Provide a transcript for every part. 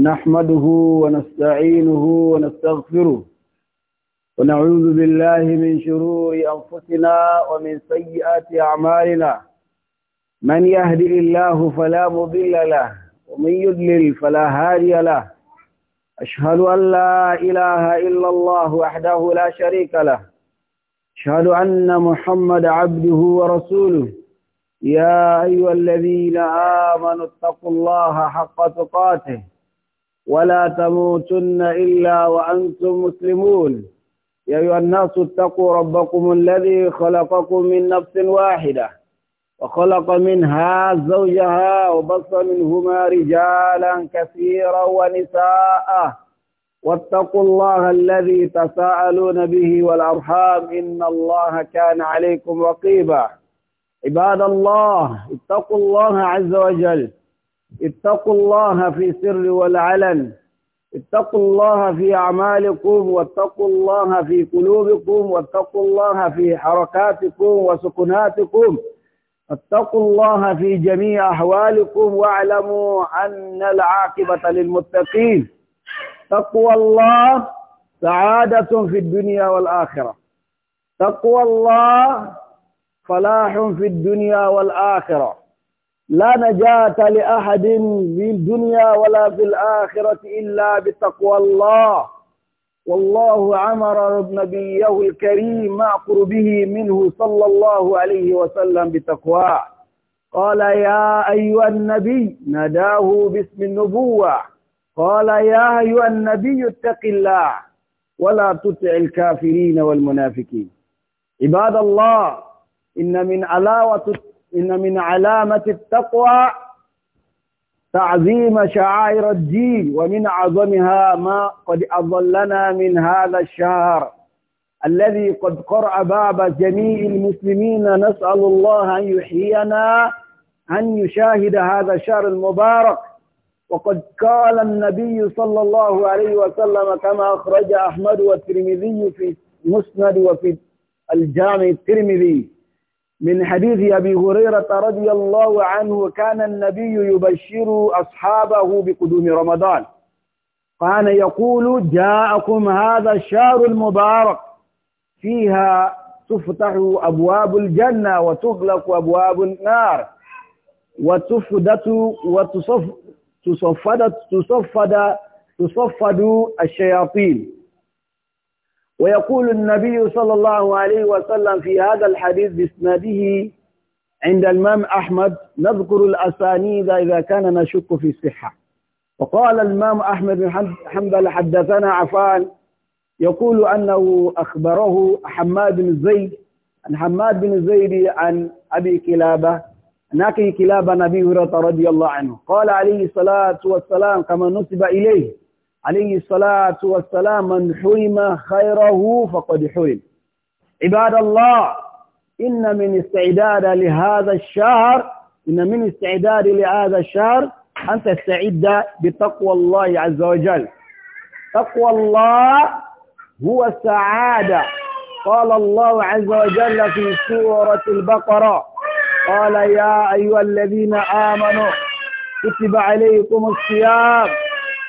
نحمده ونستعينه ونستغفره ونعوذ بالله من شرور أنفسنا ومن سيئات أعمالنا من يهدئ الله فلا مضل له ومن يدلل فلا هادي له أشهد أن لا إله إلا الله وحده لا شريك له أشهد أن محمد عبده ورسوله يا أيها الذين آمنوا اتقوا الله حق تقاته ولا تموتن إلا وأنتم مسلمون يا أيها الناس اتقوا ربكم الذي خلقكم من نفس واحدة وخلق منها زوجها وبص منهما رجالا كثيرا ونساء واتقوا الله الذي تساءلون به والأرحام إن الله كان عليكم رقيبا عباد الله اتقوا الله عز وجل اتقوا الله في سر والعلن اتقوا الله في أعمالكم واتقوا الله في قلوبكم واتقوا الله في حركاتكم وسكناتكم اتقوا الله في جميع أحوالكم واعلموا أن العاقبة للمتقين تقوى الله سعادة في الدنيا والآخرة تقوى الله فلاح في الدنيا والآخرة لا نجاة لأحد في الدنيا ولا في الآخرة إلا بتقوى الله والله عمر نبيه الكريم مع قربه منه صلى الله عليه وسلم بتقواه قال يا أيها النبي ناداه باسم النبوة قال يا أيها النبي اتق الله ولا تطع الكافرين والمنافقين عباد الله إن من علاوة إن من علامة التقوى تعظيم شعائر الدين ومن عظمها ما قد أظلنا من هذا الشهر الذي قد قرأ باب جميع المسلمين نسأل الله أن يحيينا أن يشاهد هذا الشهر المبارك وقد قال النبي صلى الله عليه وسلم كما أخرج أحمد والترمذي في المسند وفي الجامع الترمذي من حديث أبي هريرة رضي الله عنه كان النبي يبشر أصحابه بقدوم رمضان كان يقول جاءكم هذا الشهر المبارك فيها تفتح أبواب الجنة وتغلق أبواب النار وتفدت وتصفد تصفد تصفد الشياطين ويقول النبي صلى الله عليه وسلم في هذا الحديث باسناده عند الإمام أحمد نذكر الأسانيد إذا كان نشك في الصحة وقال الإمام أحمد بن حنبل حدثنا عفان يقول أنه أخبره حماد بن زيد عن حماد بن زيد عن أبي كلابة ناكي كلابة نبي هريرة رضي الله عنه قال عليه الصلاة والسلام كما نسب إليه عليه الصلاة والسلام من حرم خيره فقد حرم عباد الله إن من استعداد لهذا الشهر إن من استعداد لهذا الشهر أن تستعد بتقوى الله عز وجل تقوى الله هو السعادة قال الله عز وجل في سورة البقرة قال يا أيها الذين آمنوا كتب عليكم الصيام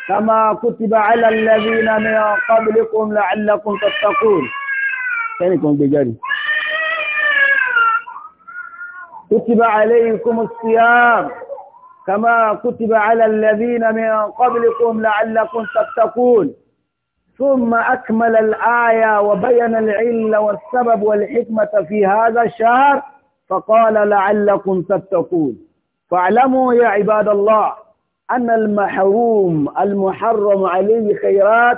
كما كتب على الذين من قبلكم لعلكم تتقون كانكم بجاري كتب عليكم الصيام كما كتب على الذين من قبلكم لعلكم تتقون ثم أكمل الآية وبين العلة والسبب والحكمة في هذا الشهر فقال لعلكم تتقون فاعلموا يا عباد الله أن المحروم المحرم عليه خيرات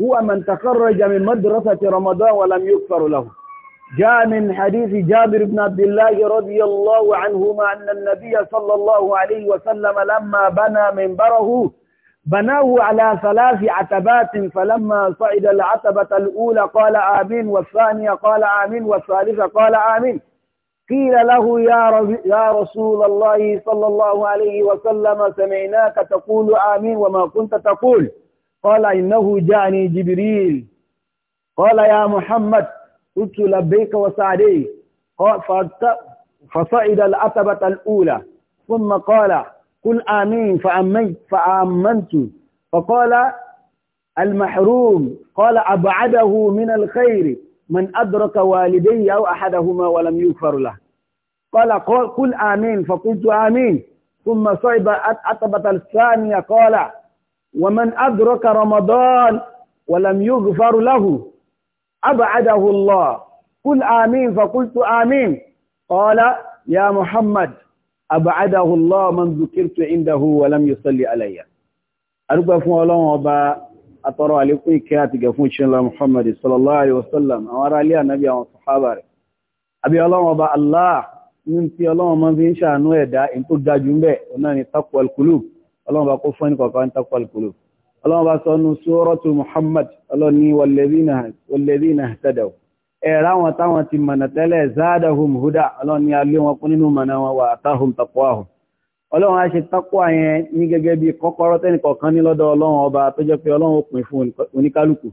هو من تخرج من مدرسة رمضان ولم يكفر له جاء من حديث جابر بن عبد الله رضي الله عنهما أن النبي صلى الله عليه وسلم لما بنى منبره بناه على ثلاث عتبات فلما صعد العتبة الأولى قال آمين والثانية قال آمين والثالثة قال آمين قيل له يا يا رسول الله صلى الله عليه وسلم سمعناك تقول آمين وما كنت تقول قال إنه جاني جبريل قال يا محمد قلت لبيك وسعدي فصعد العتبة الأولى ثم قال قل آمين فأمنت, فأمنت فقال المحروم قال أبعده من الخير من أدرك والدي أو أحدهما ولم يغفر له قال قل آمين فقلت آمين ثم صعب أطبة الثانية قال ومن أدرك رمضان ولم يغفر له أبعده الله قل آمين فقلت آمين قال يا محمد أبعده الله من ذكرت عنده ولم يصلي علي أرجو فوالله الله atọ́rọ alékún ìkẹ́ àti gẹ̀ fún ìṣẹ́lá muhammadu sallallahu alaihi wasallam àwọn ará ilé ànábì àwọn sàhábà rẹ̀ àbí ọlọ́wọ́ bá allah ní ti ọlọ́wọ́ máa fi ń ṣàánú ẹ̀dá in tó ga jù ń bẹ̀ ọ̀nà ni taqwal qulub ọlọ́wọ́ bá kó fún ẹnìkọ̀ọ̀kan taqwal qulub ọlọ́wọ́ bá sọ nu suratu muhammad ọlọ́ni walladhina ihtadaw ẹ̀rá wọn táwọn ti mọ̀nà tẹ́lẹ̀ zadahum huda ọlọ́ni alé wọn kún nínú mọ̀nà wọn wà atahum taqwahum ọlọ́run á ṣe tápọ̀ àyẹn ní gẹ́gẹ́ bí kọ́kọ́rọ́ tẹ́nì kọ̀ọ̀kan ní lọ́dọ̀ ọlọ́run ọba tó jẹ́ pé ọlọ́run ó pín fún oníkálukú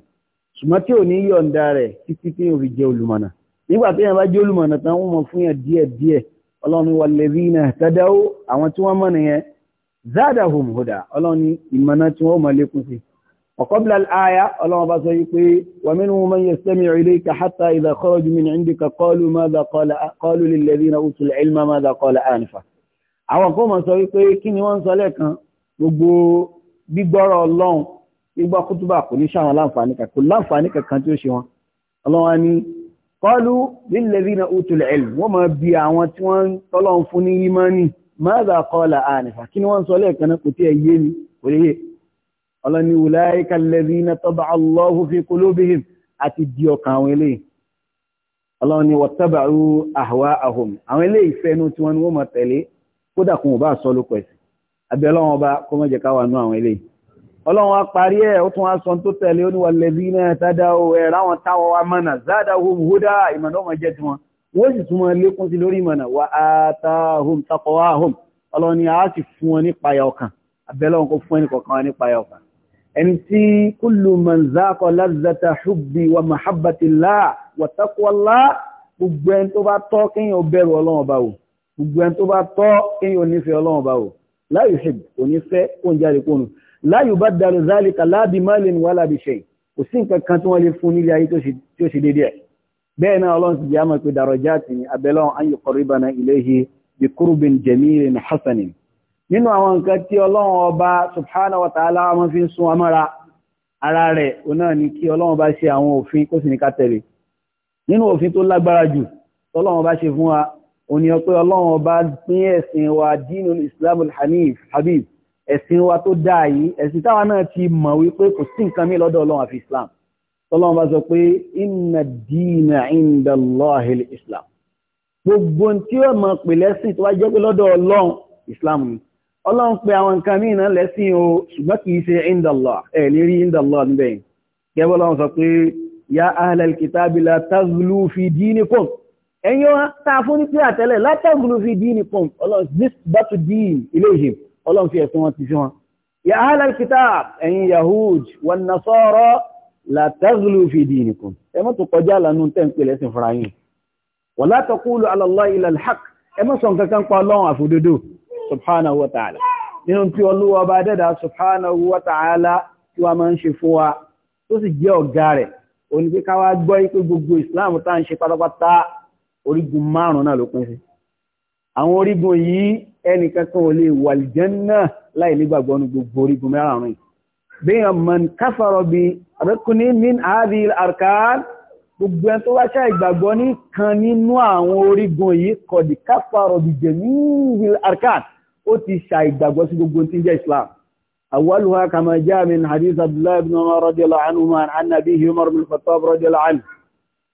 ṣùgbọ́n tí ò ní yọ̀ǹda rẹ̀ títí tí yóò fi jẹ́ olùmọ̀nà nígbà tó yẹn bá jẹ́ olùmọ̀nà tán wọ́n mọ̀ fún yẹn díẹ̀ díẹ̀ ọlọ́run walladhina tadaw àwọn tí wọ́n mọ̀ nìyẹn zadahum huda ọlọ́run ní ìmọ̀nà tí wọ́n mọ̀ lékún sí wa qabla al-aya ọlọ́run bá sọ yìí pé wa minhum man yastami'u ilayka hatta idha kharaju min indika qalu madha qala qalu lilladhina àwọn kan mọ̀ sọ wípé kí ni wọ́n ń sọ lẹ́ẹ̀kan gbogbo gbígbọ́rọ̀ ọlọ́run gbígbọ́ kútúbà kò ní sáwọn láǹfààní kan kò láǹfààní kankan tí ó ṣe wọn ọlọ́run ni kọlu lílẹ̀dínà utul ilm wọ́n máa bi àwọn tí wọ́n tọ́lọ́run fún ní yímánì máàdà kọ́lá ànífà kí ni wọ́n sọ lẹ́ẹ̀kan náà kò tí ẹ yé mi kò lè yé ọlọ́run ni ulaika alladhina taba fi qulubihim àti di ọkàn àwọn eléyìí ọlọ́run ni wattaba'u ahwa'ahum àwọn eléyìí fẹ́nu tí wọ́n ni wọ́n máa tẹ̀lé kódà kò bá sọ lóko ẹ̀sìn àbí ọlọ́run ọba kó má jẹ́ ká wà nú àwọn eléyìí ọlọ́run á parí ẹ̀ ó tún á sọ tó tẹ̀lé oníwà lẹ́bí náà tádá o ẹ̀ ráwọn táwọn wa mọ̀nà záàdá hum húdá ìmọ̀nà ọmọ jẹ́ tiwọn wọ́n sì tún máa lékún sí lórí ìmọ̀nà wa atahum taqwahum ọlọ́run ni a sì fún wọn nípa ya ọkàn abẹ́lọ́run kó fún ẹnì kọ̀ọ̀kan wa nípa ya ọkàn ẹni tí kullu man zaqa lazzata hubbi wa mahabbatillah wa taqwallah gbogbo ẹni tó bá tọ́ kéèyàn bẹ̀rù ọlọ́run ọba wò gbogbo ẹni tó bá tọ́ kéèyàn onífẹ́ ọlọ́run bá wò láyò ṣe onífẹ́ oúnjẹ àríkónù láyò bá darú zálìkà láàbí málin wà láàbí ṣe kò sí nǹkan kan tí wọ́n lè fún nílé ayé tí ó ṣe dédé bẹ́ẹ̀ náà ọlọ́run ti jẹ́ àmọ́ pé dàrọ̀já ti ní abẹ́lọ́run an yuqarribana ilayhi bi qurbin jamilin hasanin nínú àwọn nǹkan tí ọlọ́run ọba subhanahu wa ta'ala wọn fi ń sun amára ara rẹ̀ òun ni kí ọlọ́run bá ṣe àwọn òfin kó sì ní ká tẹ̀lé nínú òfin tó lágbára jù tọ́lọ́run bá ṣe fún wa òní ọpẹ́ ọlọ́run ọba pín ẹ̀sìn wa dínú islamul hanif habib ẹ̀sìn wa tó dáa yìí ẹ̀sìn táwa náà ti mọ̀ wípé kò sí nǹkan mí lọ́dọ̀ ọlọ́run àfi islam tọ́lọ́run bá sọ pé inna dina inda Allahil islam gbogbo tí ó mọ̀ pè lẹ́sìn tó wá jẹ́ pé lọ́dọ̀ ọlọ́run islam ni ọlọ́run pé àwọn nǹkan mí náà lẹ́sìn o ṣùgbọ́n kì í ṣe inda Allah ẹ̀ ní inda Allah níbẹ̀ yìí gẹ́gẹ́ bọ́lọ́run sọ pé ya ahlal kitabi la taghlu fi dinikum ẹ̀yin wa tá a fún ní tíra tẹ́lẹ̀ látàgùlù fi dín ní pọ̀m ọlọ́run this battle dín ilé ìṣe ọlọ́run fi ẹ̀sùn wọn ti fi wọn. ya ahlal kitab ẹ̀yin yahud wan nasara látàgùlù fi dín ní pọ̀m ẹ má tó kọjá lánàá tẹ́ ń pè lẹ́sìn fúnra yín. wala taqulu ala Allah illa al-haq ẹ má sọ nǹkan kan pa ọlọ́run àfòdodo subhanahu wa ta'ala orígun márùn-ún náà ló pín sí àwọn orígun yìí ẹnìkankan ò lè wọ àlìjánnà láì nígbàgbọ́ ní gbogbo orígun márùn-ún yìí bíyàn man káfàrọ̀ bí rẹ́kùnní min àádì arkan gbogbo ẹn tó wá ṣá ìgbàgbọ́ ní kan nínú àwọn orígun yìí kọ̀dì káfàrọ̀ bí jẹ̀mí arkan ó ti ṣà ìgbàgbọ́ sí gbogbo tí ń jẹ́ islam awwaluha kama jaa min hadith abdullahi ibn umar radiyallahu anhu an nabihi umar bin khattab radiyallahu anhu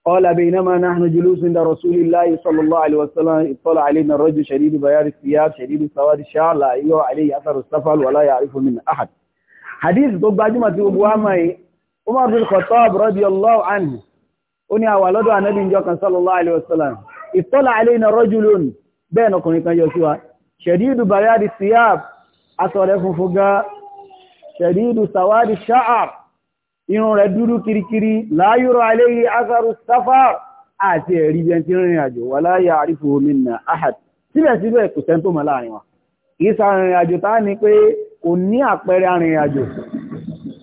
قال بينما نحن جلوس عند رسول الله صلى الله عليه وسلم اطلع علينا الرجل شديد بياض الثياب شديد سواد الشعر لا يرى عليه اثر السفل ولا يعرف من احد حديث tó gbajúmọ̀ tí gbogbo wa mọ̀ Umar bin Khattab radiyallahu anhu ó ní àwa lọ́dọ̀ Ànábì ńjọ́ kan sallallahu اطلع علينا رجل بين كن kan yọ شديد بياض الثياب aṣọ rẹ̀ funfun شديد سواد الشعر irun rẹ̀ dúdú kirikiri láyúrọ̀ aléyìí azaru safar àti ẹ̀rí jẹ́ tí rìnrìn àjò wà láyà àrífò minna ahad síbẹ̀síbẹ̀ kò sẹ́n tó mọ̀ láàrin wa kìí sa rìnrìn àjò tá ní pé kò ní àpẹẹrẹ arìnrìn àjò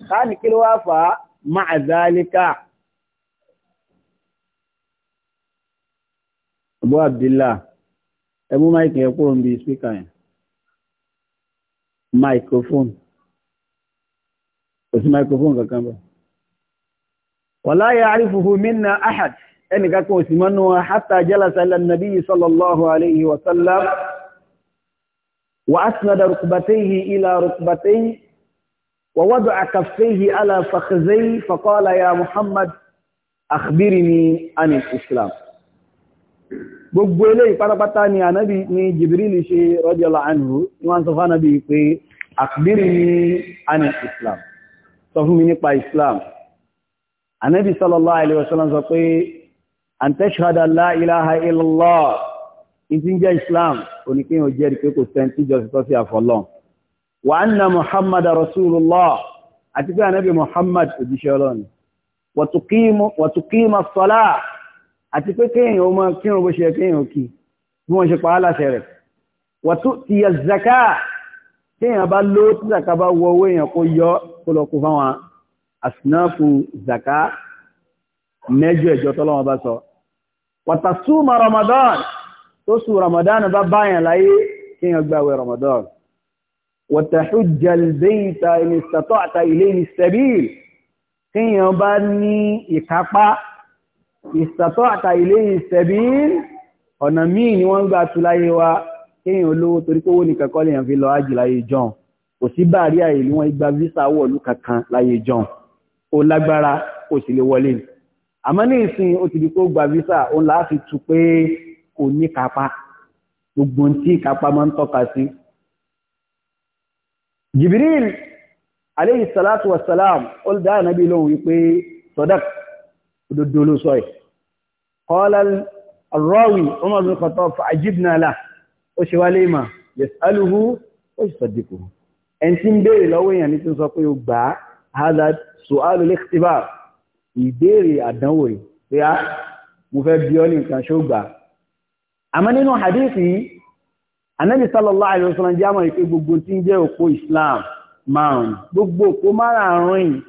tá ní kí ló wá fà á máa zálíkà Abu Abdillah ẹmú máìkì ẹ̀kọ́ ń bi spíkà yẹn microphone kò sí microphone kankan bẹ́ẹ̀ wala ya'rifuhu minna ahad ẹnìkan kò sì mọ́nú wọn hatta jalasa ila nabi sallallahu alayhi wa sallam wa asnada rukbatayhi ila rukbatayhi wa wada'a kaffayhi ala fakhzayhi fa qala ya muhammad akhbirni an al-islam gbogbo eléyìí pátápátá ni ànábì ni jibril ṣe radiyallahu anhu ni wọ́n sọ fún pé akhbirni an al-islam sọ fún mi nípa islam Ànábì sallallahu alaihi wasallam sọ pé an tashhada la ilaha illallah ìtí ń jẹ́ Islam oníkéyàn jẹ́rìí pé kò sẹ́ntì jọ́sí tọ́sí àfọlọ́n wa anna Muhammad rasulullah àti pé Ànábì Muhammad òjíṣẹ́ Ọlọ́run wa tuqima as-salah àti pé kéèyàn ó máa kírun bó ṣe kéèyàn kí bí wọ́n ṣe pa á láṣẹ rẹ̀ wa tu'tiya az-zakah kéèyàn bá lóó tí zaka bá wọ owó èèyàn kó yọ kó lọ kó fáwọn asinafu zaka mẹ́jọ ìjọ tọ́lọ́wọ́ bá sọ wàtàsúmà ramadan tó sù ramadan bá báyàn láyé kí yàn gbàwẹ̀ ramadan wàtàhújà albayta in istata'ta ilayhi sabil kí yàn bá ní ìkápá istata'ta ilayhi sabil ọ̀nà míì ni wọ́n gbà ó lágbára ó sì lè wọlé ni àmọ́ ní ìsìn ó ti di kó gba visa òun là á fi tu pé kò ní kápá gbogbo tí kápá máa ń tọ́ka sí. Jibril aleyhi salatu wa salam ó dá ànábì lóhùn wípé sọdọ́k òdodo ló sọ yìí qala ar-rawi Umar ṣe wá léèmà yas'aluhu ó sì sọ̀dìkù ẹni tí ń béèrè lọ́wọ́ èèyàn ní tí ń sọ pé ó gbà á hazard sùhálù lẹ́kìtìbà ìbéèrè àdánwò rẹ̀ pé á mo fẹ́ bí ọ́ ní nǹkan ṣógbà àmọ́ nínú hadithi anábì sallallahu alaihi wasallam jẹ́ àmọ́ ìpé gbogbo tí ń jẹ́ òpó islam márùn-ún gbogbo òpó márùn-ún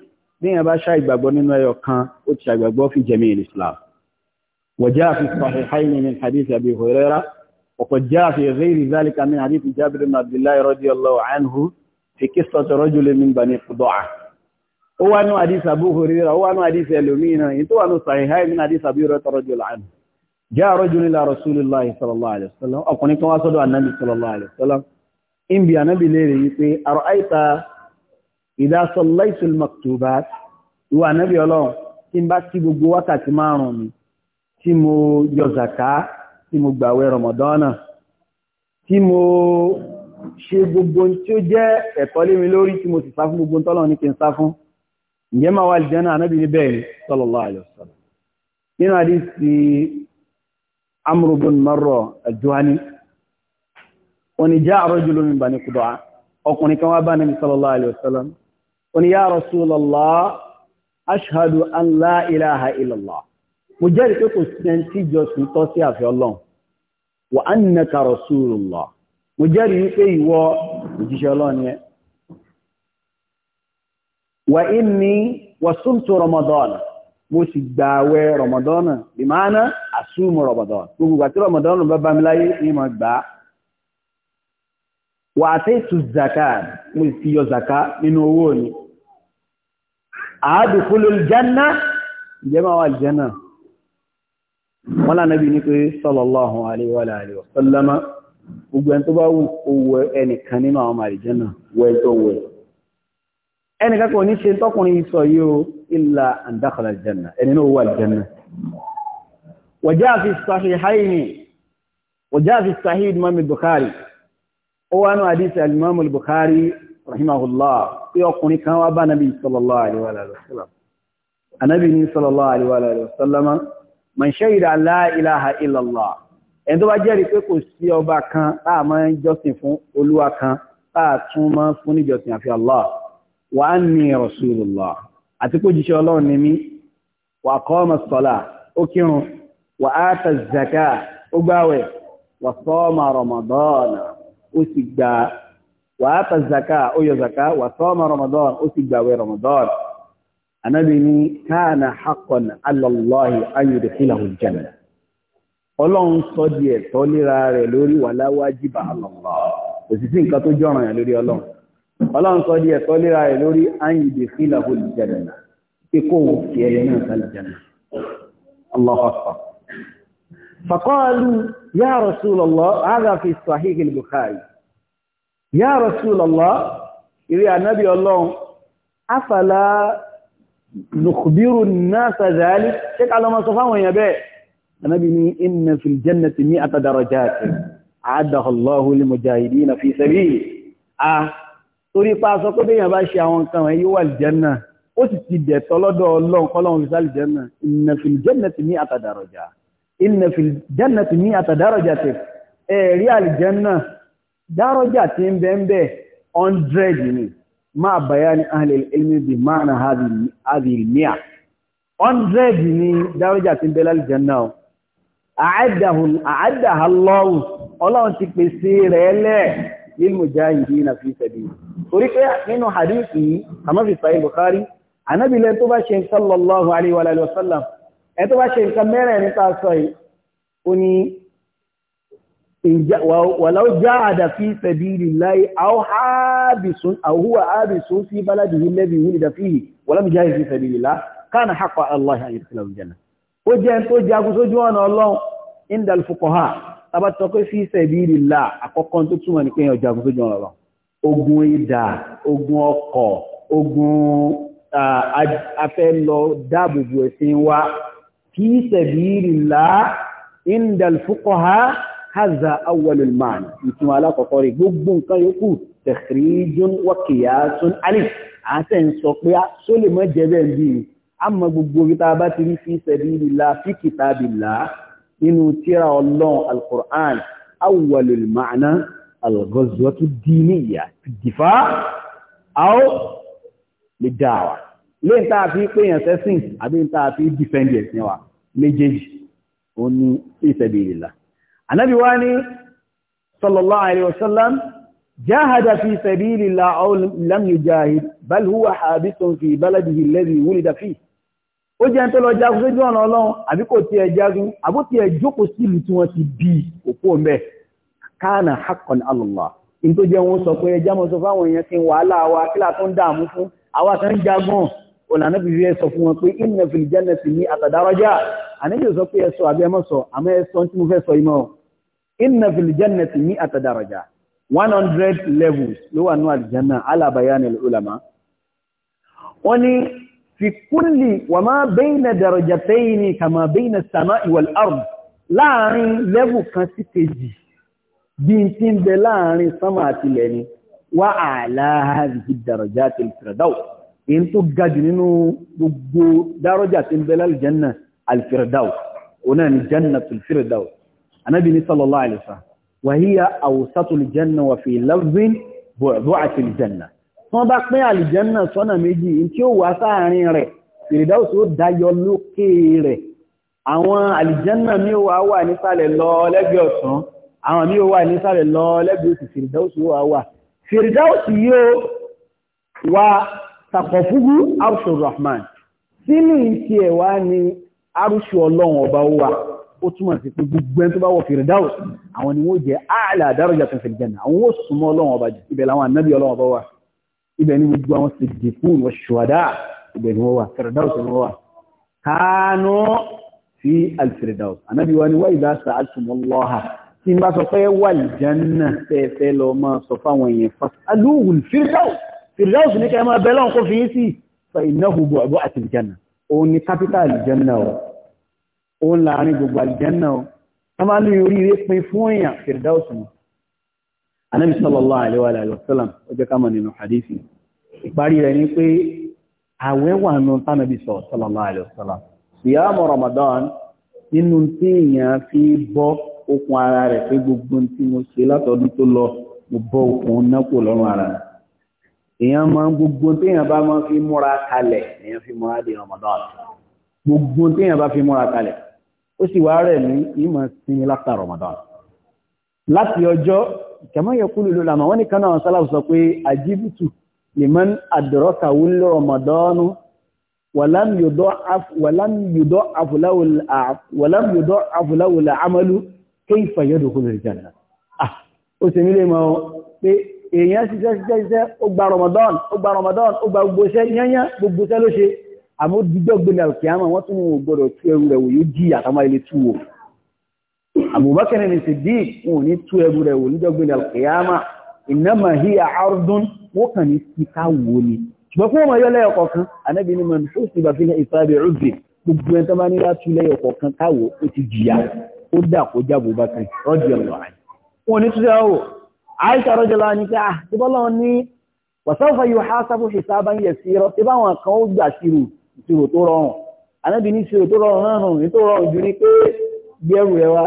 yìí وجاء في الصحيحين من حديث أبي هريرة وقد جاء في غير ذلك من حديث جابر بن عبد الله رضي الله عنه في قصة رجل من بني قضاعه ó wá ní àdísà Abu Hurairah ó wá ní àdísà ẹlòmínà yìí tó wà ní sàhíháì ní àdísà Abu Hurairah radiyallahu anhu jaa rajulun ila Rasulillahi sallallahu alaihi wasallam ọkùnrin kan wá sọ́dọ̀ ànábì sallallahu alaihi wasallam in bi léèrè yìí pé ara'ayta idha sallaytu al-maktubat ìwà ànábì ọlọ́run tí n bá sí gbogbo wákàtí márùn mi tí mo yọ zàká tí mo gbàwẹ̀ Ramadana tí mo ṣe gbogbo tí ó jẹ́ ẹ̀tọ́ lé mi lórí tí mo sì sá fún gbogbo tọ́lọ́ ní kí n sá fún ǹjẹ́ máa wà aljanna anábì ní bẹ́ẹ̀ ni sallallahu alaihi wasallam nínú àdísí amru bin marra al-juhani wọ́n ni jaa rajulun min bani qudaa ọkùnrin kan wá bá nabi sallallahu alaihi wasallam wọ́n ni ya rasulallah ashhadu an la ilaha illallah mo jẹ́rìí pé kò sẹ́ńtì jọ́sìn tọ́ wà inni wàsúntò ramadan mo sì gba àwẹ̀ ramadan ìmáàná àsúmù ramadan gbogbo ìgbà tí ramadan bá bá mi láyé ní mo gbà á wà á tètù zaka mo sì yọ zaka nínú owó ni àádùkúlù janna ìjẹ́mọ̀ wà janna wọ́n lánàbí ní pé sallallahu alaihi wa alihi wa sallama gbogbo ẹni tó bá wù owó ẹnìkan nínú àwọn àlìjẹ́nà wẹ́ẹ́tọ́ wẹ́ẹ́ ẹnìkan kò ní ṣe tọ́kùnrin sọ yóò ilá àndákọ̀lá jẹ́nà ẹni náà wà jẹ́nà wàjá fi sahihaini wàjá fi sahih mami Bukhari ó wá ní àdísì alimamu Bukhari rahimahullah pé ọkùnrin kan wá bá nabi sallallahu alaihi wa sallam anabi ni sallallahu alaihi wa sallam man shahida la ilaha illallah ẹni tó bá jẹ́rìí pé kò sí ọba kan táà máa ń jọ́sìn fún wà á ní rasulullah àti kó jíṣẹ́ ọlọ́run ní mí wà qama salah ó kírun wà á ta zaka ó gbáwẹ̀ wà sọ́ọ̀mà ramadana ó sì gba wà á ta zaka ó yọ zaka wà sọ́ọ̀mà ramadana ó sì gbàwẹ̀ ramadana anábì ní káàna haqqan ala Allah an yudkhilahu ọlọ́run sọ di ẹ̀tọ́ léra rẹ̀ lórí wà láwájibà Allah òsìsí ọlọ́run sọ di ẹ̀tọ́ léra rẹ̀ lórí áyìnbè fílà kò lè jẹ̀dẹ̀nà pé kò wò sí ẹyẹ náà sá lè jẹ̀nà Allahu akbar faqalu ya Rasulullah hadha fi sahih al-Bukhari ya Rasulullah ìrí ànábì ọlọ́run afala nukhbiru an-nasa dhalik ṣé ká lọ mọ́ sọ fáwọn èèyàn ní inna fi sabili ah torí pa sọ pé béèyàn bá ṣe àwọn nǹkan wọ̀nyí wà lìjẹ́nà ó sì ti dẹ̀tọ́ lọ́dọ̀ ọlọ́run kọ́lọ́run fi sálì jẹ́nà inna fil jannati ní àtàdàrọ̀jà inna fil jannati ní àtàdàrọ̀jà tẹ̀ ẹ̀rí àlìjẹ́nà dárọ̀jà ti ń bẹ́ ń bẹ́ hundred ni máa bayani ahli ilmi bi ma'na hadhihi mi'a hundred ni للمجاهدين في سبيله torí pé nínú hadithi kama fi sahih bukhari anabi le tó bá ṣe sallallahu alaihi wa alihi wasallam ẹ tó bá ṣe nǹkan mere ni ta sọ yìí oni inja walau jahada fi sabilillahi aw habisun aw huwa habisun fi baladihi alladhi wulida fihi wa lam yajahid fi sabilillah kana haqqan allah an yadkhilahu aljanna ó jẹ́ tó jagun sójú ọ̀nà Ọlọ́hun indal fuqaha tàbá tọ́ pé fi sabilillah àkọ́kọ́ tó túmọ̀ ní pé èèyàn jagun tó jọra lọ ogun ìdà ogun ọkọ̀ ogun afẹ́ lọ dáàbòbò ẹ̀sìn wa fi sabilillah indal fuqaha haza awwalul ma'na ìtumọ̀ alákọ̀ọ́kọ́ rẹ̀ gbogbo nǹkan yòókù takhrijun wa qiyasun alif àtẹ́ ń sọ pé só ah, lè mọ́ jẹ́ bẹ́ẹ̀ bí i a gbogbo nínú tíra ọlọ́run alkùrán awwalul ma'ana alghazwatu diniya dìfá aw lidawa lè ń tàà fi pé èèyàn sẹ́sìn àbí ń tàà fi dìfẹ́ndì ẹ̀sìn wa méjèèjì ó ní ìsẹ̀bìrìlá anábi wá ní sallallahu alaihi جاهد في سبيل الله أو يجاهد بل هو حابس في بلده الذي ولد فيه ó jẹ́ tó lọ jagun sójú ọ̀nà ọlọ́run àbí kò tiẹ̀ jagun àbó tiẹ̀ jókòó sí ìlú tí wọ́n ti bí òpó mẹ́ káànà haqqan ala Allah in tó jẹ́ wọn sọ pé ẹjá mọ́ sọ fáwọn èèyàn kí wàhálà wa kí là tó ń dààmú fún àwa kan jagun ọ̀lànà bìbí ẹ sọ fún wọn pé inna fil jannati ní àtàdárajà àníjò sọ pé ẹ àbí ẹ àmọ́ ẹ tí mo fẹ́ sọ yìí mọ́ inna fil jannati ní àtàdárajà one hundred levels ló wà ní àlìjánná ala bayanil ulama wọ́n ní fi kúlì wà máa bẹ́ẹ̀nà dàrọ̀jàtẹ́ ní kàmà bẹ́ẹ̀nà sàmà ìwàl arùn láàrin lẹ́bù kan sí kejì bí n ti ń bẹ láàrin sánmà àti ilẹ̀ ni wà àláhàrí dàrọ̀jà ti alfirdaus èyí tó ga jù nínú gbogbo dàrọ̀jà ti ń bẹ lálìjánà alfirdaus ọ̀nà ni sallallahu alaihi wasallam wà híyà àwòsàtò aljanna wà fi lafzin bu'bu'ati aljanna wọ́n bá pín àlìjẹ́nà sọ́nà méjì tí ó wà sáàrin rẹ̀ ìrìdáwòsí ó dáyọ lókè rẹ̀ àwọn àlìjẹ́nà mi ó wà wà nísàlẹ̀ lọ lẹ́gbẹ̀ẹ́ ọ̀tún àwọn mi ó wà nísàlẹ̀ lọ lẹ́gbẹ̀ẹ́ òsì fìrìdáwòsí ó wà sí pé gbogbo ẹni tó bá wọ fìrìdáwòsí àwọn ni wọ́n jẹ́ àlà daraja fìrìjẹ́nà àwọn ó súnmọ́ ọlọ́run ọba jù ibẹ̀ làwọn ànábì ọlọ́run ọba wà ibẹ̀ ni gbogbo àwọn sìdìkún wọ́n ṣùwádà ibẹ̀ ni wọ́n wà firdaus ni wọ́n wà kánú sí alfirdaus anábì wa ni wá ìdá sàátùmọ́lọ́ha tí n bá sọ pé wà lìjánà fẹ́ẹ̀fẹ́ lọ máa sọ fáwọn èèyàn fasalúhùn firdaus firdaus ní kẹ́ máa bẹ́lọ́n kó fi sí fa innahu bu'bu àti lìjánà òun ni kápítà lìjánà o òun láàrin gbogbo àlìjánà o wọ́n máa ní oríire pin fún èèyàn firdaus ni anábì sallallahu alaihi wa sallam ó jẹ́ kámọ̀ nínú hadithi ìparí rẹ̀ ní pé àwẹ̀ wà nù tánàbì sọ sallallahu alaihi wa sallam siyamu ramadan nínú tí èèyàn fi bọ́ okùn ara rẹ̀ pé gbogbo tí mo ṣe látọdún tó lọ mo bọ́ okùn nápò lọ́rùn ara rẹ̀ èèyàn máa ń gbogbo tí èèyàn bá máa fi múra kalẹ̀ èèyàn fi múra di ramadan gbogbo tí èèyàn bá fi múra kalẹ̀ ó sì wá rẹ̀ ní ìmọ̀ sinmi látà ramadan láti ọjọ́ kama yaqulu lulama wọ́n ní kan náà sálà sọ pé àjíbùtù liman adraka wúlò ramadanu walam yudọ́ àfúláwòlà amalu kayfa yadkhulu al-janna ah ó sì nílé mọ́ pé èèyàn ṣiṣẹ́ ṣiṣẹ́ ṣiṣẹ́ ó gba ramadan ó gba ramadan ó gba gbogbo iṣẹ́ yányá gbogbo iṣẹ́ ló ṣe àmọ́ dídọ́gbẹ̀lẹ̀ kìámà wọ́n tún wọ́n gbọ́dọ̀ tú ẹrù rẹ̀ wò jí àtàwọn ilé tú Abubakar ni Siddiq wọn ní tú ẹrù rẹ̀ wọ́n jọ́gbìn alkiyama innama hiya ardun wọ́n kàn ní síká wò ni ṣùgbọ́n fún ọmọ yọ lẹ́yọ̀kọ̀ kan anábì ni man ó sì bá fi ìfàbí ọ̀gbìn gbogbo ẹ̀ tó bá ní látú lẹ́yọ̀kọ̀ kan káwò ó ti jìyà ó dà kó já Abubakar rọ́jì ọ̀rọ̀ àyè wọn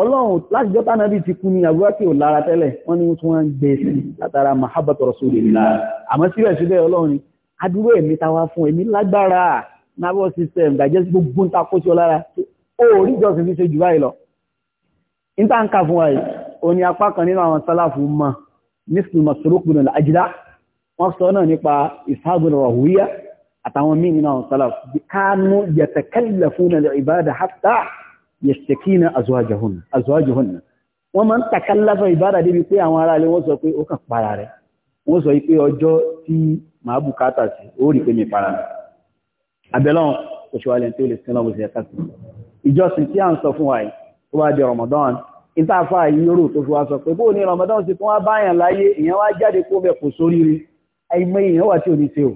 ọlọ́run láti jọ́ta náàbí ti kú ní àbúrákì ò lára tẹ́lẹ̀ wọ́n ní tí wọ́n ń gbé sí látara mahabbat rasulillah àmọ́ síbẹ̀síbẹ̀ ọlọ́run adúró èmi ta wá fún èmi lágbára nervous system digest gbogbo ń takó sí ó rí ìjọsìn fi ṣe jù báyìí lọ níta ń kà fún wa yìí ó ní apá kan nínú àwọn sálàfù mọ nísìlú masoro kùnà àjídá wọ́n sọ náà nípa ìsáàbùn rahuya yẹ̀ṣẹ̀kínà azwajahunna wọ́n máa ń tàkálàfà ìbára débi pé àwọn ará ilé wọ́n sọ pé ó kàn para rẹ̀ wọ́n sọ pé ọjọ́ tí màá bùkátà sí ó rí pé mi para rẹ̀ abẹ́lọ́n òṣùwàlẹ̀ tí ó lè sinlọ́wọ́ sí ẹ̀ka sí ìjọsìn tí a ń sọ fún wa yìí tó bá di Ramadan ìtàfà yìí tó fi wá sọ pé bóò ní Ramadan sì fún wa báyàn láyé ìyẹn wá jáde kó bẹ kò sóríire àìmọye ìyẹn wà tí ò ní ṣe ò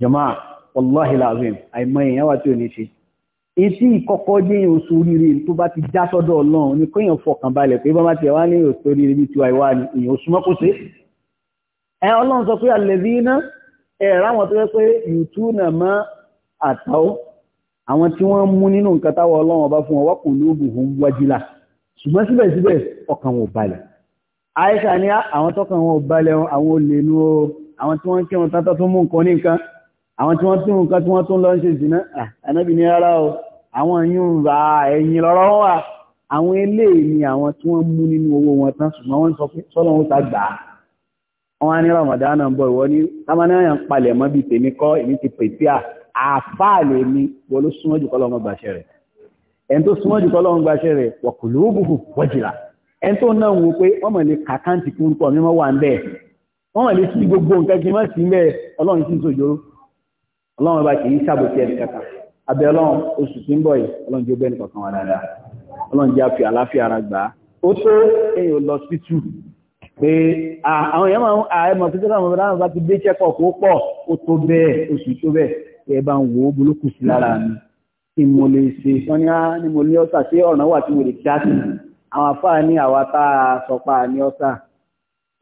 jàmáà wallahi lazim àìmọye ìyẹn wà tí ò ní ṣe etí ìkọ́kọ́ jẹ́ oṣù oríire tó bá ti já sọ́dọ̀ ọlọ́run ní kéèyàn fọkàn balẹ̀ pé bá ti wá ní oṣù oríire bí tiwa ìwà ni èèyàn oṣù mọ́kò sí. ẹ ọlọ́run sọ pé àlẹ́bí iná ẹ̀rọ àwọn tó yẹ pé yùtú náà mọ́ àtàwọ́ àwọn tí wọ́n mú nínú nǹkan táwọn ọlọ́run ọba fún wọn wọ́n kò lóògùn òun wájìlá ṣùgbọ́n síbẹ̀síbẹ̀ ọkàn wọn ò balẹ̀. àyíṣà ni ah, àwọn tọkàn wọn ò balẹ̀ àwọn olè nu àwọn tí wọ́n ń kí wọn tátọ́ tó mú nǹkan ní nǹkan àwọn tí wọ́n tún nǹkan tí wọ́n tún lọ ń ṣe ìsìná ah, ànábì ní rárá o àwọn yìí ń ra ẹ̀yìn lọ́rọ́ wà àwọn eléyìí ni àwọn tí wọ́n mú nínú owó wọn tán ṣùgbọ́n wọ́n sọ pé sọ́lọ́ wọn ta gbà á wọ́n á ní Ramadan náà ń bọ̀ ìwọ ní támánà yàn palẹ̀ mọ́ bíi tèmi kọ́ èmi ti pèsè à àáfàá lè mi wọ́n ló súnmọ́ jù kọ́lọ́ wọn gbàṣẹ rẹ̀ ẹni súnmọ́ jù kọ́lọ́ wọn gbàṣẹ ọlọ́run ọba kì í ṣàbòsí ẹni kankan abẹ́ ọlọ́run oṣù tí ń bọ̀ yìí ọlọ́run jẹ́ bẹ́ẹ̀ nìkan wà dáadáa ọlọ́run jẹ́ àfi àlàáfíà ara gbà á ó tó èèyàn lọ sí tù pé àwọn èèyàn máa ń ààrẹ mọ̀ títí láwọn ọmọdé bá ti dé chẹ́kọ̀ kó pọ̀ ó tó bẹ́ẹ̀ oṣù tó bẹ́ẹ̀ ẹ bá ń wò ó sí lára mi kí mo lè ṣe wọ́n á ní mo ní ọ́sà ṣé ọ̀ràn wà tí mo lè dá sí àwọn afáà ní àwa tá a sọ pa ní ọ́sà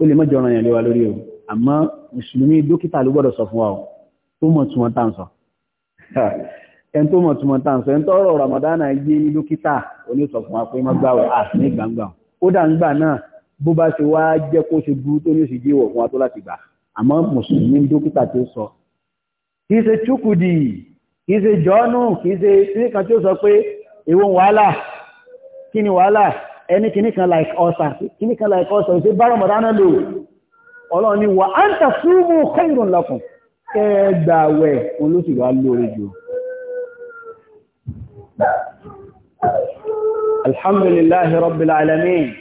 ó lè mọ́jọ ọ̀ràn yẹn lé wa lórí o àmọ́ mùsùlùmí dókítà ló gbọ́dọ̀ sọ fún wa o tó mọ̀ tí wọ́n tàn sọ ẹn tó mọ̀ tí wọ́n tàn sọ ẹn tọ́rọ̀ ramadana yé ní dókítà oníṣọ̀kùn wa pé má gbàwẹ̀ à ní gbangba kódà ńgbà náà bó bá ṣe wá jẹ́ kó ṣe burú tó ní oṣù jíwọ̀ fún wa tó láti gbà àmọ́ mùsùlùmí dókítà tó sọ kì í ṣe chukwudi kì í ṣe jọ́nù kì í ṣe kíníkan tó sọ pé èwo wàhálà kí wàhálà ẹni kíníkan like ọ̀sà kíníkan like ọ̀sà òṣèbá ramadana ni wà á ń tà súnmù kẹ́ẹ̀gbàwẹ̀ olóṣìwà lórí jù alhamdulillahi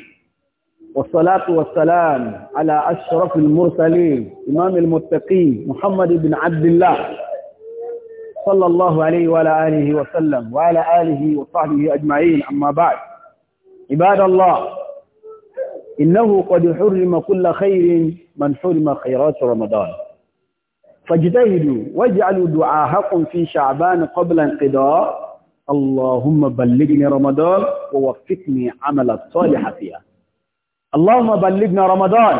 والصلاة والسلام على أشرف المرسلين إمام المتقين محمد بن عبد الله صلى الله عليه وعلى آله وسلم وعلى آله وصحبه أجمعين أما بعد عباد الله إنه قد حرم كل خير من حرم خيرات رمضان فاجتهدوا واجعلوا دعاءكم في شعبان قبل انقضاء اللهم بلغني رمضان ووفقني عملا صالحا فيها اللهم بلغنا رمضان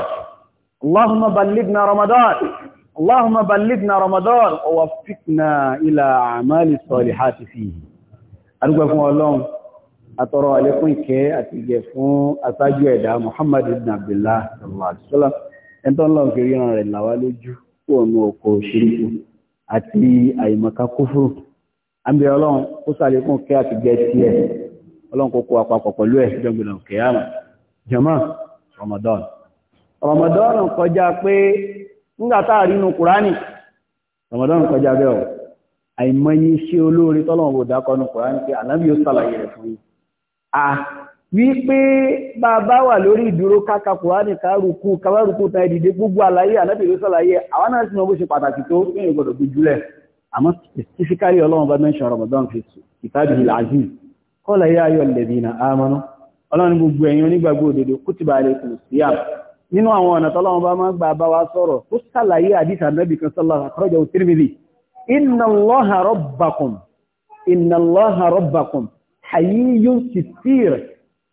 اللهم بلغنا رمضان اللهم بلغنا رمضان ووفقنا الى اعمال الصالحات فيه ارجو فún Ọlọ́hun atoro àlékún ìkẹ́ àti ìgẹ̀ fún aṣáájú ẹ̀dá Muhammad ibn Abdullah sallallahu alaihi wasallam en ton Ọlọ́hun kiri ran rẹ̀ lawa lójú kó ọ̀nà ọkọ̀ òṣèlú àti àyèmọ̀ká kúfúrú àmì ọlọ́run kó sàlékún kẹ́ àti gẹ́ tí ẹ̀ ọlọ́run kó kó àpapọ̀ pẹ̀lú ẹ̀ jọ́gbìnà kẹ́yàmà Ramadan Ramadan kọjá pé nígbà tá a rí inú Kùránì Ramadan kọjá bẹ́ẹ̀ o olóore tọ́lọ́run dákọ́ Kùránì pé ànábì wípé bàbá wà lórí ìdúró káka kùránì kárùkù kàwárùkù ta ìdìdé gbogbo àlàyé àlẹ́bìrì sọ́làyé àwọn náà sì mọ́ bó ṣe pàtàkì tó ní ìgbọ̀dọ̀ gbójúlẹ̀ àmọ́ specifically ọlọ́run bá mẹ́ṣọ́ Ramadan fi ìtàbí ìlàjú kọ́lá yá ayọ̀ lẹ́bìnà àmọ́nà ọlọ́run gbogbo ẹ̀yin onígbàgbọ́ òdodo kútìbà alẹ́kùn síyàm nínú àwọn ọ̀nà tọ́lọ́run bá máa ń gbà bá wa sọ̀rọ̀ tó sàlàyé àdìsà nẹ́bì kan sọ́lá àkọ́jọ́ òtírìmìlì inna Allaha rabbakum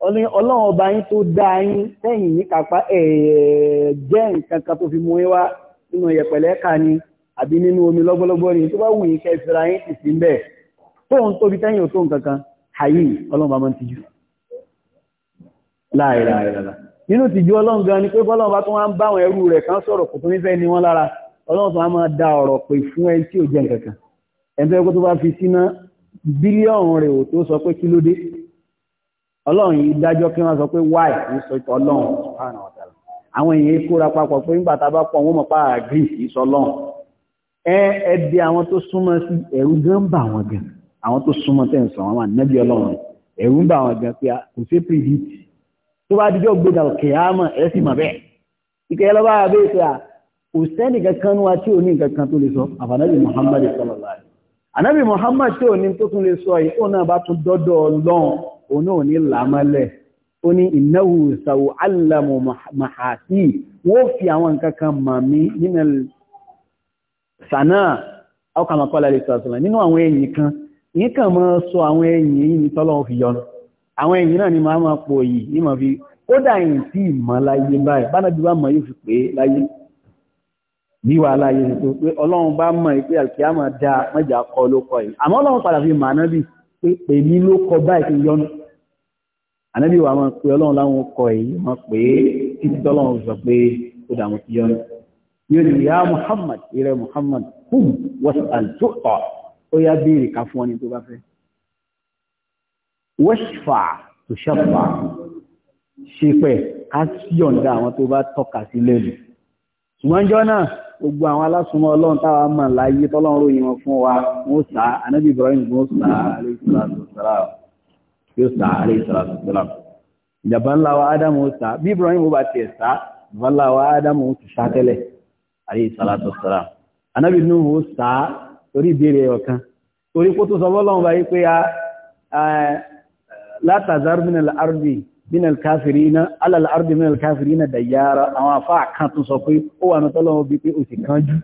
ọlọ́run ọba yín tó dá yín sẹ́yìn ní kápá jẹ́ nǹkan kan tó fi mú yín wá nínú yẹ̀pẹ̀lẹ́ ká ni àbí nínú omi lọ́gbọ́lọ́gbọ́ ni tó bá wù yín kẹfìrà yín ti sí bẹ́ẹ̀ tó ń tóbi tẹ́yìn ò tó nǹkan kan ayé ọlọ́run bá máa ń tijú láìláìlára nínú tìjú ọlọ́run gan ni pé bọ́lọ́run bá tún wá ń bá àwọn ẹrú rẹ̀ kan sọ̀rọ̀ kò tó nífẹ̀ẹ́ ni wọ́n lára ọlọ́run tó wá máa da ọ̀rọ̀ pé fún ẹni tí ò jẹ́ nǹkan kan ẹni tó tó bá fi síná bílíọ̀nù rẹ̀ ò tó sọ pé kí ló dé ọlọ́run yìí dájọ́ kí wọ́n sọ pé why ń sọ ìtọ́ ọlọ́run subhanahu wa àwọn èèyàn kóra papọ̀ pé nígbà tá a bá pọ̀ wọ́n mọ̀ pa àgbì ìsọ ọlọ́run ẹ ẹdí àwọn tó súnmọ́ sí ẹ̀rù gan bà wọ́n gan àwọn tó súnmọ́ tẹ̀ ń sọ wọn máa nẹ́bí ọlọ́run ẹ̀rù ń bà wọ́n gan pé kò sí predict tó bá dijọ́ gbéra òkè àmọ́ ẹ sì mọ̀ bẹ́ẹ̀ ìkẹyẹ lọ́ba àbẹ́ tí ò ní tó Muhammad sallallahu alaihi Muhammad tí ò ní tó tún lè sọ yìí tó náà bá tún dọ́dọ̀ ọlọ́run òun ò ní làmọ́lẹ̀ ó ní ìnáwó ìsàwò alàmù màhàtí wọ́n fi àwọn nǹkan kan mọ̀ mí nínú sànà ọkàmọ̀kọ́lá lè sọ̀tọ̀lá nínú àwọn ẹ̀yìn kan yìí kàn mọ́ sọ àwọn ẹ̀yìn yìí fi yọnu àwọn ẹ̀yìn pé ọlọ́run bá mọ̀ pé àlùkìyàmọ̀ dáa mọ́jà kọ́ ló kọ́ yìí àmọ́ ọlọ́run padà fi mọ̀ náà bíi pé pèmí ló kọ báyìí kí yọnu ànábì wa máa pe ọlọ́run láwọn kọ èyí máa pè é títí tọ́lọ́run sọ pé ó dààmú ti yọnu yóò ní ya Muhammad ìrẹ Muhammad hum wasal tó tọ̀ ó yá béèrè ká fún ọ ní tó bá fẹ́ washfa tó ṣàfà ṣe pẹ̀ ká yọ̀ǹda àwọn tó bá tọ́ka sí lẹ́nu ṣùgbọ́n jọ náà gbogbo àwọn alásùnmọ́ ọlọ́run táwa mọ̀ láyé tọ́lọ́run ròyìn wọn fún wa wọ́n sá anábì Ibrahim wọ́n sá alayhi salatu wassalam ìjàmbá sá bí Ibrahim bá ìjàmbá ńlá wa Ádámù ti sá tẹ́lẹ̀ alayhi salatu wassalam anábì sá torí ìbéèrè ọ̀kan torí minal kafirina alal ardi minal kafirina dayyara àwọn afá kan tún sọ pé ó wà náà tọ́lọ́wọ́ bí pé ó sì kánjú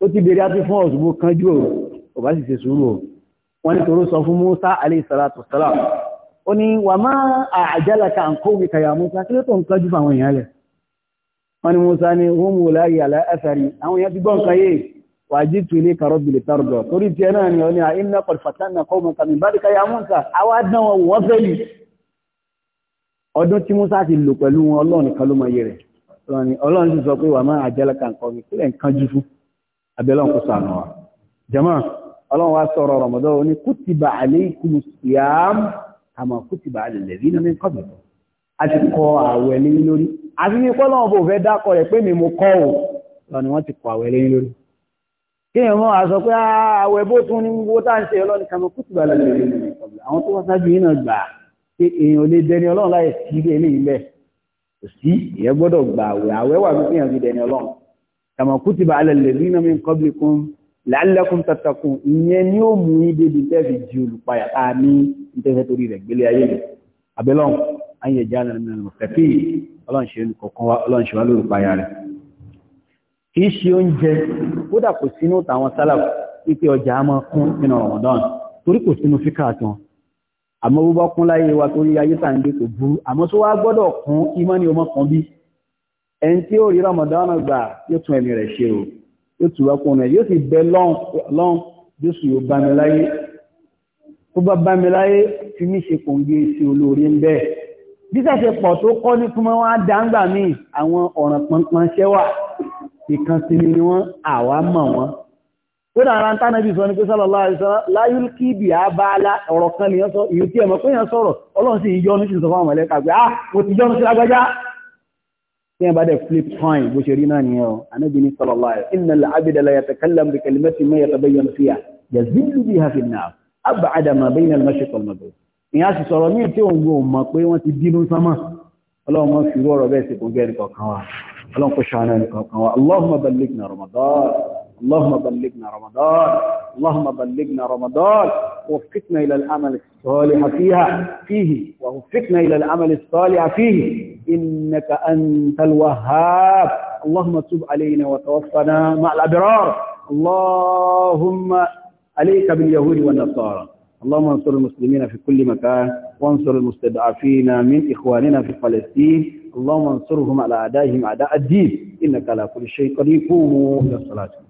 ó ti bèrè àti fún ọ̀ṣùgbó kánjú ò ò bá sì ṣe sùúrù ò wọ́n ní tòró sọ fún Musa alayhi salatu wassalam ó ní wà má àjálàkà nǹkó wí kàyà Musa kí ló tó ń kánjú fún àwọn èèyàn rẹ̀ wọ́n ní Musa ní wọ́n mú láyé àlá ẹ̀sàrí àwọn èèyàn ti gbọ́ nǹkan yé wàjí tu ilé karọ́ bìlì tàrùdọ̀ torí tiẹ̀ náà ni ọ ní à ọdún tí Musa ti lò pẹ̀lú wọn Ọlọ́run nìkan ló mọ iye rẹ̀ Ọlọ́run sì sọ pé wà máa àjẹ́lẹ̀ kankan mi kílẹ̀ nǹkan jú fún abẹ́lọ́run kò sànù wa jama Ọlọ́run wa sọ̀rọ̀ Ramadan ó ní kutiba alaykumus siyam kama kutiba alal ladhina min qablikum a ti kọ àwẹ̀ lé lórí àti ní kọ́lọ́run bò fẹ́ dákọ̀ rẹ̀ pé mi mo kọ́ ò lọ ni wọ́n ti kọ àwẹ̀ lé lórí kéèyàn mọ́ àsọ pé ah, àwẹ̀ bó tún ní gbogbo tá ń ṣe Ọlọ́run kama kutiba alal ladhina min àwọn tó wá sáájú yìí náà gbà á pé èèyàn ò lè dẹni ọlọ́run láì sí ilé ilé ilẹ̀ kò sí ìyẹn gbọ́dọ̀ gba àwẹ̀ àwẹ̀ wà wípé èèyàn fi dẹni ọlọ́run kama kutiba ala alladhina min qablikum la'allakum tattaqun ìyẹn ni ó mú yín débi tẹ́ fi di olùpayà tá a ní nítorí torí rẹ̀ gbélé ayé mi abẹ́lọ́run ayé ìjà náà nínú mọ̀tẹ́kì ọlọ́run ṣe kọ̀ọ̀kan wá ọlọ́run ṣe àmọ́ bó bá kún láyé wa torí ayé tà ń gbé kò burú àmọ́ tó wá gbọ́dọ̀ kún ìmọ̀ ni ọmọ kan bí ẹni tí ó rí Ramadan gbà yóò tún ẹ̀mí rẹ̀ ṣe o yóò tún wákùn rẹ̀ yóò sì bẹ lọ́n jésù yóò bá mi láyé tó bá bá mi láyé fi mí ṣe kò sí olóore ń bẹ́ẹ̀ bí sẹ́sẹ̀ pọ̀ tó kọ́ ní fún wọn á dáńgbà míì àwọn ọ̀ràn pọnpọn ṣẹ́wà ìkànsìn ni wọ́n àwa mọ̀ wọ́n kódà ara ń tánàbí sọ ní pé sallallahu alaihi wasallam láyú kí bí a bá alá ọ̀rọ̀ kan lèyàn sọ èyí tí ẹmọ̀ pé yàn sọ̀rọ̀ ọlọ́run sì yọ́nú sí sọ fáwọn ẹlẹ́ka pé ah mo ti yọ́nú sí lágbájá tí ẹ bá dẹ̀ flip coin bó ṣe rí náà nìyẹn o anábì ní sallallahu alaihi wasallam innal abda la yatakallam bi kalimatin ma yatabayyanu fiha yazillu biha fi an-nar اللهم بلغنا رمضان اللهم بلغنا رمضان ووفقنا إلى العمل الصالح فيها فيه ووفقنا إلى العمل الصالح فيه إنك أنت الوهاب اللهم تب علينا وتوفنا مع الأبرار اللهم عليك باليهود والنصارى اللهم انصر المسلمين في كل مكان وانصر المستضعفين من إخواننا في فلسطين اللهم انصرهم على أعدائهم أعداء الدين إنك على كل شيء قدير قوموا إلى الصلاة